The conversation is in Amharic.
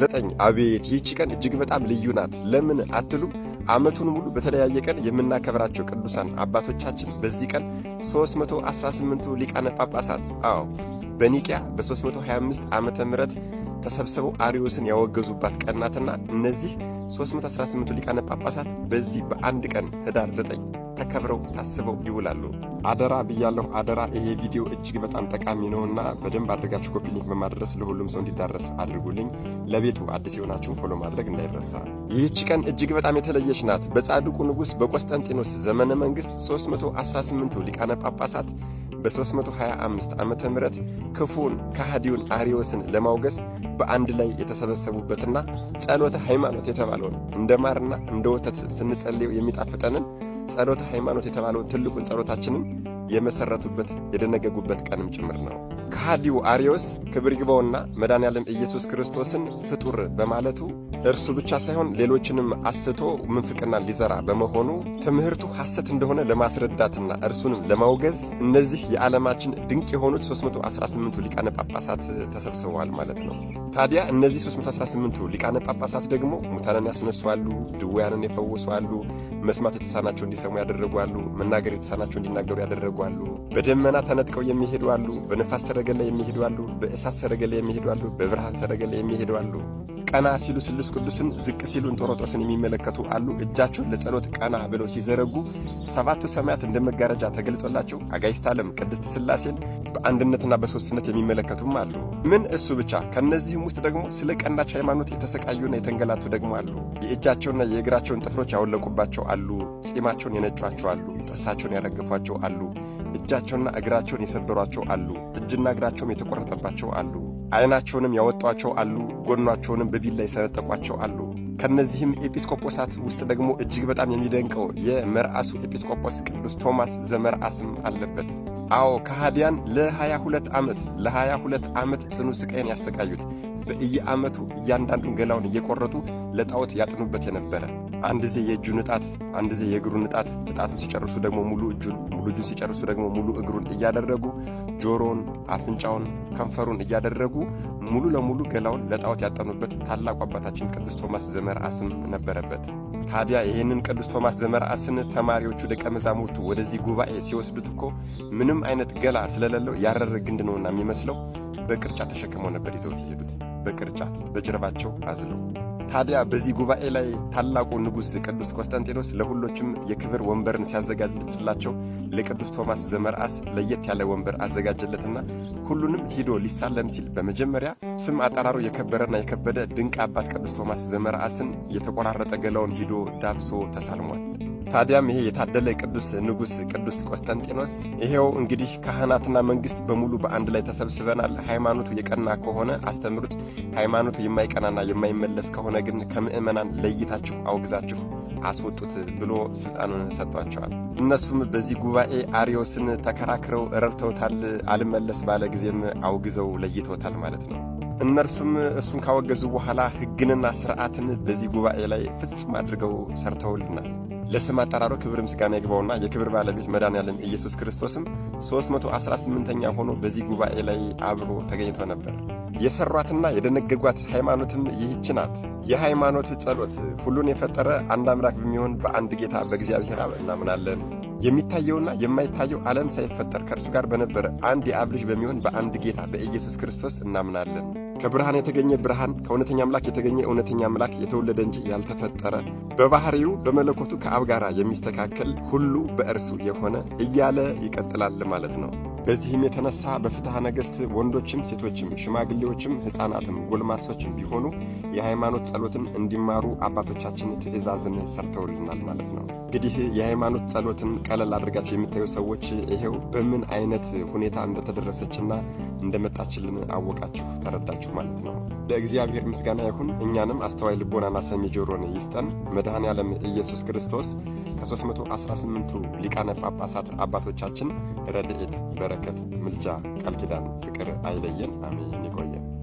ዘጠኝ አቤት ይህቺ ቀን እጅግ በጣም ልዩ ናት ለምን አትሉም? ዓመቱን ሙሉ በተለያየ ቀን የምናከብራቸው ቅዱሳን አባቶቻችን በዚህ ቀን 318ቱ ሊቃነ ጳጳሳት አዎ በኒቅያ በ325 ዓመተ ምህረት ተሰብስበው አሪዮስን ያወገዙባት ቀን ናትና እነዚህ 318ቱ ሊቃነ ጳጳሳት በዚህ በአንድ ቀን ህዳር ዘጠኝ ተከብረው ታስበው ይውላሉ። አደራ ብያለሁ፣ አደራ። ይሄ ቪዲዮ እጅግ በጣም ጠቃሚ እና በደንብ አድርጋችሁ ኮፒ ሊንክ በማድረስ ለሁሉም ሰው እንዲዳረስ አድርጉልኝ። ለቤቱ አዲስ የሆናችሁ ፎሎ ማድረግ እንዳይረሳ። ይህች ቀን እጅግ በጣም የተለየች ናት። በጻድቁ ንጉሥ በቆስጠንጢኖስ ዘመነ መንግሥት 318ቱ ሊቃነ ጳጳሳት በ325 ዓመተ ምህረት ክፉን ከሃዲውን አርዮስን ለማውገስ በአንድ ላይ የተሰበሰቡበትና ጸሎተ ሃይማኖት የተባለውን እንደ ማርና እንደ ወተት ስንጸልየው የሚጣፍጠንን ጸሎተ ሃይማኖት የተባለውን ትልቁን ጸሎታችንን የመሰረቱበት የደነገጉበት ቀንም ጭምር ነው። ከሃዲው አርዮስ ክብር ይግባውና መድኃኔዓለም ኢየሱስ ክርስቶስን ፍጡር በማለቱ እርሱ ብቻ ሳይሆን ሌሎችንም አስቶ ምንፍቅና ሊዘራ በመሆኑ ትምህርቱ ሐሰት እንደሆነ ለማስረዳትና እርሱንም ለማውገዝ እነዚህ የዓለማችን ድንቅ የሆኑት 318ቱ ሊቃነ ጳጳሳት ተሰብስበዋል ማለት ነው። ታዲያ እነዚህ 318ቱ ሊቃነ ጳጳሳት ደግሞ ሙታንን ያስነሱ አሉ፣ ድውያንን የፈወሱ አሉ፣ መስማት የተሳናቸው እንዲሰሙ ያደረጉ አሉ። መናገር የተሳናቸው እንዲናገሩ ያደረጉ አሉ። በደመና ተነጥቀው የሚሄዱ አሉ። በነፋስ ሰረገላ የሚሄዱ አሉ። በእሳት ሰረገላ የሚሄዱ አሉ። በብርሃን ሰረገላ የሚሄዱ አሉ። ቀና ሲሉ ስሉስ ቅዱስን፣ ዝቅ ሲሉ እንጦሮጦስን የሚመለከቱ አሉ። እጃቸውን ለጸሎት ቀና ብለው ሲዘረጉ ሰባቱ ሰማያት እንደ መጋረጃ ተገልጾላቸው አጋዕዝተ ዓለም ቅድስት ሥላሴን በአንድነትና በሦስትነት የሚመለከቱም አሉ። ምን እሱ ብቻ። ከእነዚህም ውስጥ ደግሞ ስለ ቀናች ሃይማኖት የተሰቃዩና የተንገላቱ ደግሞ አሉ። የእጃቸውና የእግራቸውን ጥፍሮች ያወለቁባቸው አሉ። ጺማቸውን የነጯቸው አሉ። ጥርሳቸውን ያረገፏቸው አሉ። እጃቸውና እግራቸውን የሰበሯቸው አሉ። እጅና እግራቸውም የተቆረጠባቸው አሉ። ዓይናቸውንም ያወጧቸው አሉ፣ ጎድናቸውንም በቢላ የሰነጠቋቸው አሉ። ከእነዚህም ኤጲስቆጶሳት ውስጥ ደግሞ እጅግ በጣም የሚደንቀው የመርዓሱ ኤጲስቆጶስ ቅዱስ ቶማስ ዘመርዓስም አለበት። አዎ ከሃዲያን ለ22 ዓመት ለ22 ዓመት ጽኑ ስቃይን ያሰቃዩት በየዓመቱ እያንዳንዱን ገላውን እየቆረጡ ለጣዖት ያጥኑበት የነበረ አንድ ዜ የእጁን ንጣት፣ አንድ ዜ የእግሩ ንጣት፣ ንጣቱን ሲጨርሱ ደግሞ ሙሉ እጁን፣ ሙሉ እጁን ሲጨርሱ ደግሞ ሙሉ እግሩን እያደረጉ ጆሮውን፣ አፍንጫውን፣ ከንፈሩን እያደረጉ ሙሉ ለሙሉ ገላውን ለጣዖት ያጠኑበት ታላቁ አባታችን ቅዱስ ቶማስ አስም ነበረበት። ታዲያ ይህንን ቅዱስ ቶማስ ዘመርዓስን ተማሪዎቹ ደቀ መዛሙርቱ ወደዚህ ጉባኤ ሲወስዱት እኮ ምንም አይነት ገላ ስለሌለው ያረረ ግንድ ነውና የሚመስለው በቅርጫ ተሸክመው ነበር ይዘውት የሄዱት። በቅርጫት በጀርባቸው አዝለው። ታዲያ በዚህ ጉባኤ ላይ ታላቁ ንጉሥ ቅዱስ ቆስጠንጤኖስ ለሁሎችም የክብር ወንበርን ሲያዘጋጅላቸው ለቅዱስ ቶማስ ዘመርአስ ለየት ያለ ወንበር አዘጋጀለትና ሁሉንም ሂዶ ሊሳለም ሲል በመጀመሪያ ስም አጠራሩ የከበረና የከበደ ድንቅ አባት ቅዱስ ቶማስ ዘመርአስን የተቆራረጠ ገላውን ሂዶ ዳብሶ ተሳልሟል። ታዲያም ይሄ የታደለ ቅዱስ ንጉሥ ቅዱስ ቆስጠንጤኖስ ይሄው እንግዲህ ካህናትና መንግሥት በሙሉ በአንድ ላይ ተሰብስበናል። ሃይማኖቱ የቀና ከሆነ አስተምሩት፣ ሃይማኖቱ የማይቀናና የማይመለስ ከሆነ ግን ከምዕመናን ለይታችሁ አውግዛችሁ አስወጡት ብሎ ስልጣኑን ሰጥቷቸዋል። እነሱም በዚህ ጉባኤ አሪዮስን ተከራክረው ረድተውታል። አልመለስ ባለ ጊዜም አውግዘው ለይተውታል ማለት ነው። እነርሱም እሱን ካወገዙ በኋላ ሕግንና ስርዓትን በዚህ ጉባኤ ላይ ፍጹም አድርገው ሰርተውልናል። ለስም አጠራሩ ክብር ምስጋና ይግባውና የክብር ባለቤት መድኃኔዓለም ኢየሱስ ክርስቶስም 318ኛ ሆኖ በዚህ ጉባኤ ላይ አብሮ ተገኝቶ ነበር። የሰሯትና የደነገጓት ሃይማኖትም ይህች ናት። የሃይማኖት ጸሎት ሁሉን የፈጠረ አንድ አምላክ በሚሆን በአንድ ጌታ በእግዚአብሔር አብ እናምናለን። የሚታየውና የማይታየው ዓለም ሳይፈጠር ከእርሱ ጋር በነበረ አንድ የአብ ልጅ በሚሆን በአንድ ጌታ በኢየሱስ ክርስቶስ እናምናለን። ከብርሃን የተገኘ ብርሃን፣ ከእውነተኛ አምላክ የተገኘ እውነተኛ አምላክ የተወለደ እንጂ ያልተፈጠረ በባህሪው በመለኮቱ ከአብ ጋር የሚስተካከል ሁሉ በእርሱ የሆነ እያለ ይቀጥላል ማለት ነው። በዚህም የተነሳ በፍትሐ ነገሥት ወንዶችም ሴቶችም ሽማግሌዎችም ሕፃናትም ጎልማሶችም ቢሆኑ የሃይማኖት ጸሎትን እንዲማሩ አባቶቻችን ትእዛዝን ሰርተውልናል ማለት ነው። እንግዲህ የሃይማኖት ጸሎትን ቀለል አድርጋችሁ የምታዩ ሰዎች ይሄው በምን አይነት ሁኔታ እንደተደረሰችና እንደመጣችልን አወቃችሁ፣ ተረዳችሁ ማለት ነው። ለእግዚአብሔር ምስጋና ይሁን። እኛንም አስተዋይ ልቦናና ሰሚ ጆሮን ይስጠን። መድኃኔ ኢየሱስ ክርስቶስ ከ318ቱ ሊቃነ ጳጳሳት አባቶቻችን ረድኤት፣ በረከት፣ ምልጃ፣ ቃል ኪዳን፣ ፍቅር አይለየን። አሜን። ይቆየን።